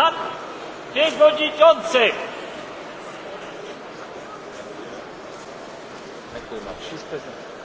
pan przewodniczący. Dziękuję bardzo.